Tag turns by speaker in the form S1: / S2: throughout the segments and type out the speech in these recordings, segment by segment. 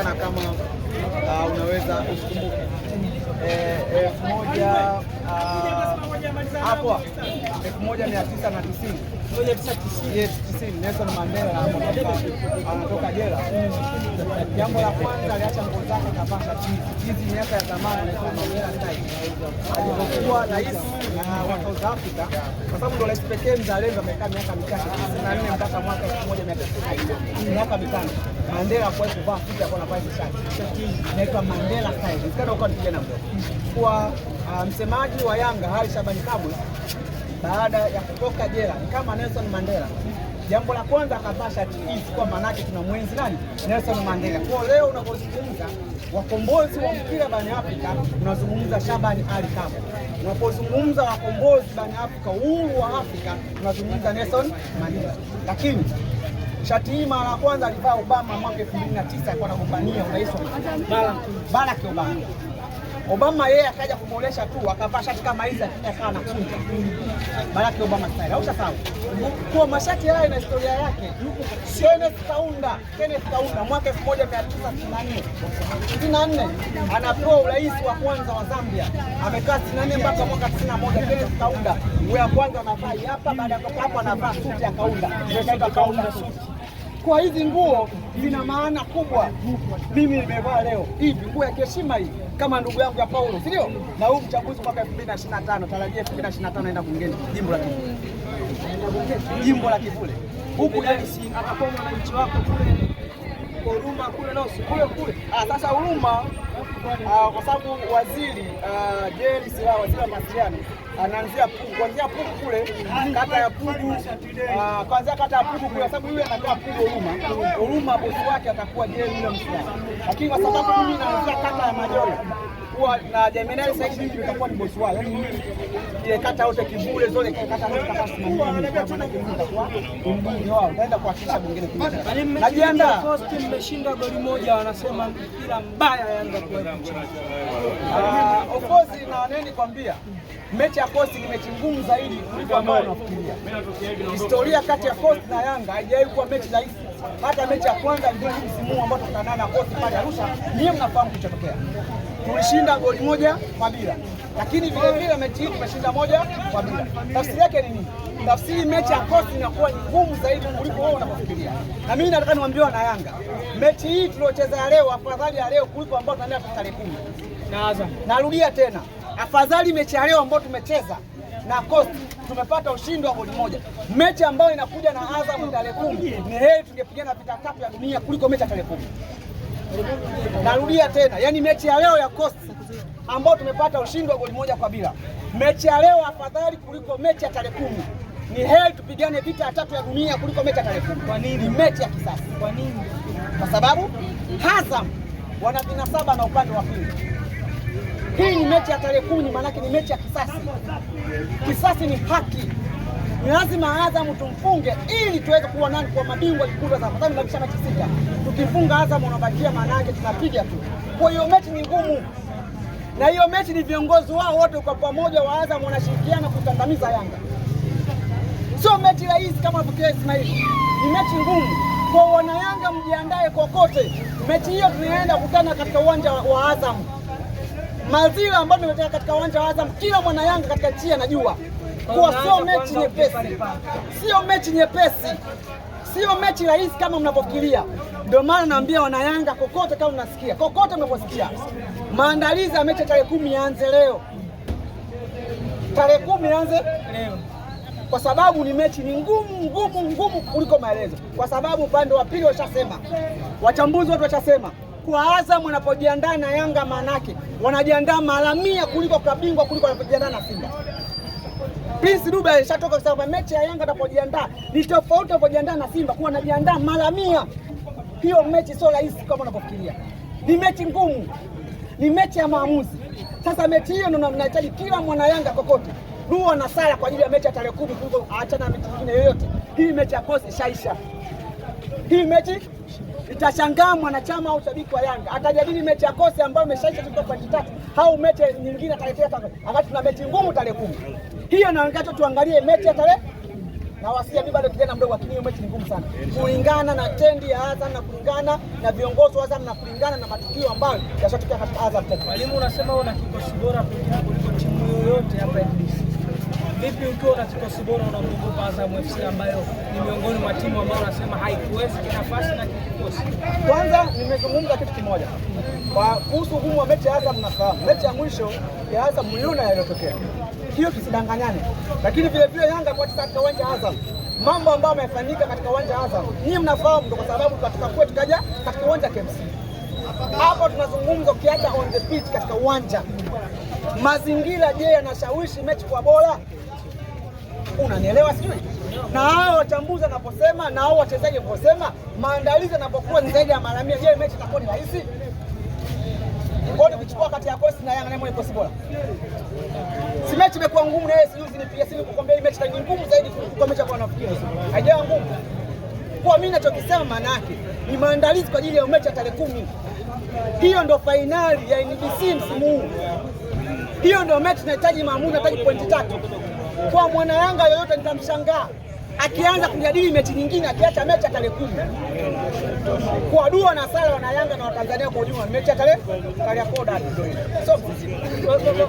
S1: inaonekana kama uh, unaweza usikumbuke eh, elfu moja ah, hapo elfu moja mia tisa na tisini tisini Nelson Mandela anatoka jela. Jambo la kwanza aliacha nguo zake miaka ya zamani alipokuwa rais wa South Africa, kwa sababu ndo rais pekee mzalendo amekaa miaka michache tisini na nne mpaka mwaka elfu moja mia tisa miaka mitano Mandela hakuwahi kuvaa suti, alikuwa anavaa shati inaitwa Mandela style, kana uko kijana mdogo. Kwa ah, msemaji wa Yanga Hari Shabani Kabwe, baada ya kutoka jela kama Nelson Mandela, jambo la kwanza akavaa shati hii kwa maanake tuna mwenzi nani? Nelson Mandela. Kwa leo unapozungumza wakombozi wa mpira barani Afrika unazungumza Shabani Ali Kabwe, unapozungumza wakombozi barani Afrika, uhuru wa Afrika unazungumza Nelson Mandela, lakini Shati hii mara ya kwanza alivaa Obama mwaka 2009 alikuwa anagombania urais wa Marekani, Barack Obama. Obama yeye akaja kumuolesha tu akavaa shati kama hizi akija akakaa na kunja. Barack Obama style. Au sawa. Kwa mashati haya ina historia yake. Kenneth Kaunda, Kenneth Kaunda mwaka 1994. 94 anapewa urais wa kwanza wa Zambia. Amekaa 94 mpaka mwaka 91 Kenneth Kaunda. Wewe kwanza anavaa hapa baada ya hapo anavaa suti ya Kaunda. Ndio Kaunda suti kwa hizi nguo zina maana kubwa. Mimi nimevaa leo hivi nguo ya heshima hii kama ndugu yangu ya Paulo, si ndio? Na huu mchaguzi mwaka 2025 tarajia 2025 naenda bungeni jimbo la Kivule, jimbo la Kivule huku dalisi atakuwa mwananchi wako kule huruma kule Losu kule kule. Ah, sasa huruma, ah, kwa sababu waziri ah, Jerry Silaa, waziri wa mawasiliano anaanzia kuanzia Pugu kule kata ya Pugu, ah, kuanzia kata ya Pugu kwa sababu yule anatoa Pugu Huruma. Huruma bosi wake atakuwa je yule msichana, lakini kwa sababu mimi naanzia kata ya Majola tutakuwa na Jemadari sasa hivi tutakuwa ni bosi wao, yaani ile kata yote Kivule zote kata zote kuhakikisha bungeni najiandaa. Coast mmeshinda goli moja, wanasema mpira mbaya Yanga kwa ah, of course na nani kwambia, mechi ya Coast ni mechi ngumu zaidi kuliko ambayo unafikiria. Historia kati ya Coast na Yanga haijawahi kuwa mechi rahisi hata mechi ya kwanza ndio msimu ambao tutakutana kote pale Arusha, ninyi mnafahamu kilichotokea. Tulishinda goli moja kwa bila, lakini vile vile mechi hii tumeshinda moja kwa bila. Tafsiri yake ni nini? Tafsiri mechi ya kosi inakuwa ni ngumu zaidi kuliko wewe unapofikiria, na mimi nataka niwaambie wana Yanga, mechi hii tuliocheza leo, afadhali ya leo kuliko ambao tunaenda tarehe kumi. Narudia tena, afadhali mechi ya leo ambayo tumecheza na Coast tumepata ushindi wa goli moja. Mechi ambayo inakuja na Azam tarehe kumi ni heri tungepigana vita tatu ya dunia kuliko mechi ya tarehe kumi. Narudia tena, yaani mechi ya leo ya Coast ambayo tumepata ushindi wa goli moja kwa bila, mechi ya leo afadhali kuliko mechi ya tarehe kumi. Ni heri tupigane vita ya tatu ya dunia kuliko mechi ya tarehe kumi. Kwa nini? Ni mechi ya kisasa. Kwa nini? Kwa sababu Azam wana vinasaba na upande wa pili hii ni mechi ya tarehe kumi, maanake ni mechi ya kisasi. Kisasi ni haki, ni lazima Azamu tumfunge ili tuweze kuwa nani, kwa mabingwa kikubwa za sababu kisha mechi sita. Tukifunga Azamu unabakia, maanake tunapiga tu. Kwa hiyo mechi ni ngumu, na hiyo mechi ni viongozi wao wote kwa pamoja wa Azamu wanashirikiana kukandamiza Yanga. Sio mechi rahisi kama vile Ismaili, ni mechi ngumu kwa wana Yanga, mjiandae kokote. Mechi hiyo tunaenda kukutana katika uwanja wa Azamu mazira ambayo nimetaka katika uwanja wa Azam, kila mwana Yanga katika nchi anajua kuwa sio mechi nyepesi, sio mechi nyepesi, sio mechi rahisi kama mnavyofikiria. Ndio maana naambia wana Yanga, kokote kama mnasikia, kokote unaposikia, maandalizi ya mechi ya tarehe kumi yaanze leo, tarehe kumi yaanze leo kwa sababu ni mechi ni ngumu ngumu ngumu kuliko maelezo, kwa sababu upande wa pili washasema, wachambuzi watu washasema kwa Azam wanapojiandaa na Yanga maanake wanajiandaa mara mia kuliko kabingwa kuliko wanapojiandaa na Simba. Prince Dube alishatoka kwa sababu mechi ya Yanga anapojiandaa ni tofauti anapojiandaa na Simba, kuwa anajiandaa mara mia. Hiyo mechi sio rahisi kama unapofikiria, ni mechi ngumu, ni mechi ya maamuzi. Sasa mechi hiyo ndio mnahitaji kila mwana Yanga kokote dua na sala kwa ajili ya mechi ya tarehe kumi kuliko aachana na mechi nyingine yoyote. Hii mechi ya kosi ishaisha, hii mechi itashangaa mwanachama au shabiki wa Yanga atajadili mechi ya kosi ambayo imeshaisha pointi tatu au mechi nyingine tarehe wakati tuna mechi ngumu tarehe kumi. Hiyo naangalia tuangalie mechi ya tarehe na wasia, mimi bado kijana mdogo, lakini hiyo mechi ni ngumu sana, kulingana na tendi ya Azam na kulingana na viongozi wa Azam na kulingana na matukio ambayo yashatokea katika Azam. Mwalimu, unasema una kikosi bora kuliko timu yoyote hapa Vipi ukiwa unachukua bora unamwogopa Azam FC ambayo ni miongoni mwa timu ambayo unasema haikuwezi kinafasi na kikosi? Kwanza nimezungumza kitu kimoja kwa kuhusu ugumu wa mechi ya Azam. Nafahamu mechi ya mwisho ya Azam Yuna yaliyotokea, hiyo tusidanganyane, lakini vile vile Yanga kwa katika uwanja Azam mambo ambayo yamefanyika katika uwanja wa Azam nyinyi mnafahamu, ndio kwa sababu tukatoka tukaja katika uwanja KMC. Hapo tunazungumza ukiacha on the pitch, katika uwanja mazingira, je, yanashawishi mechi kwa bora? unanielewa sijui? Na hao wachambuzi anaposema na hao wachezaji wanaposema, maandalizi yanapokuwa ni zaidi ya mara mia, je, mechi itakuwa ni rahisi? Kwa nini kuchukua kati ya Coast na Yanga na mwenye Coast bora? Si mechi imekuwa ngumu na yeye sijui zinipiga simu kukwambia hii mechi ni ngumu zaidi kwa mechi ambayo anafikiri. Haijawa ngumu. Kwa mimi ninachokisema maana yake ni maandalizi kwa ajili ya mechi ya tarehe kumi. Hiyo ndo fainali ya NBC msimu huu. Hiyo ndo mechi inahitaji maamuzi, inahitaji pointi tatu kwa mwana Yanga yoyote nitamshangaa akianza kujadili mechi nyingine akiacha mechi ya tarehe kumi kwa dua na sala wana Yanga na Watanzania kwa ujumla, mechi ya tarehe kaliakoda. So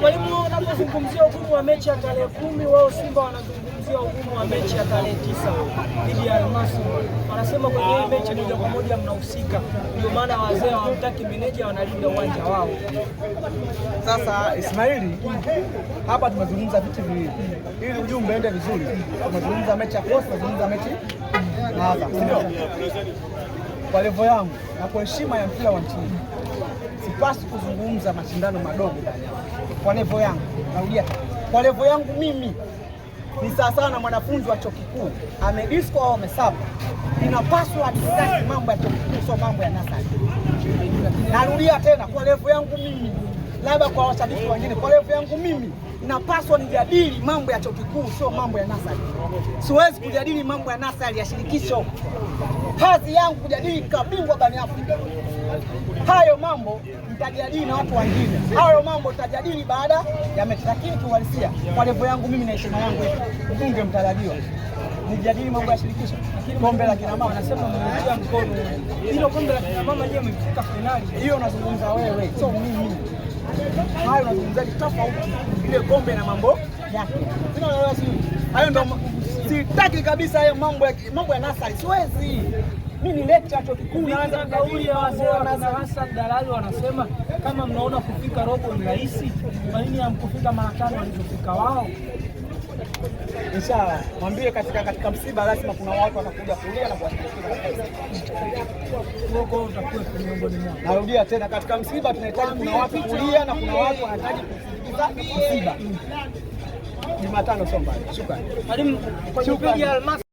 S1: mwalimu, unapozungumzia ugumu wa mechi ya tarehe kumi, wao Simba wanaelezea ugumu wa mechi ya tarehe tisa dhidi ya Almasi, Wanasema kwenye hii mechi moja kwa moja mnahusika, ndio maana wazee hawamtaki meneja, wanalinda uwanja wao. Sasa Ismaili, hapa tumezungumza vitu viwili, ili ujumbe ende vizuri. Tumezungumza mechi ya Coastal, tumezungumza mechi hapa, sindio? kwa levo yangu na kwa heshima ya mpira wa nchini sipasi kuzungumza mashindano madogo kwa levo yangu. Narudia, kwa levo yangu mimi ni sawa na mwanafunzi wa chuo kikuu amedisko au amesapa, inapaswa atuai mambo ya chuo kikuu, sio mambo ya nasari. Narudia tena, kwa levu yangu mimi, labda kwa washabiki wengine, kwa levu yangu mimi napaswa nijadili mambo ya chuo kikuu, sio mambo ya nasari. Siwezi kujadili mambo ya nasari ya shirikisho. Kazi yangu kujadili kabingwa barani Afrika. Hayo mambo nitajadili na watu wengine, hayo mambo nitajadili baada ya mechi, lakini kiuhalisia, kwa levo yangu mimi na heshima yangu, mbunge mtarajiwa, nijadili mambo ya shirikisho, kombe la kina mama. Nasema mnaunga mkono hilo kombe la kina mama, je, mmefikia fainali? Hiyo unazungumza wewe, sio mimi hayo unazungumzaje tofauti ile kombe na mambo yake? Hayo ndo sitaki kabisa, hayo mambo ya mambo ya nasari siwezi mimi. Ni lecture chuo kikuu naanza kauli ya wazee na Hassan Dalali wanasema kama mnaona kufika robo ni rahisi, kwa nini hamkufika mara tano walizofika wao? Inshallah, mwambie katika katika msiba lazima kuna watu watakuja kulia na kuwashirikisha. Narudia tena, katika msiba tunahitaji kuna watu kulia na kuna watu wanahitaji kusikiliza msiba. Jumatano sio mbali. Shukrani.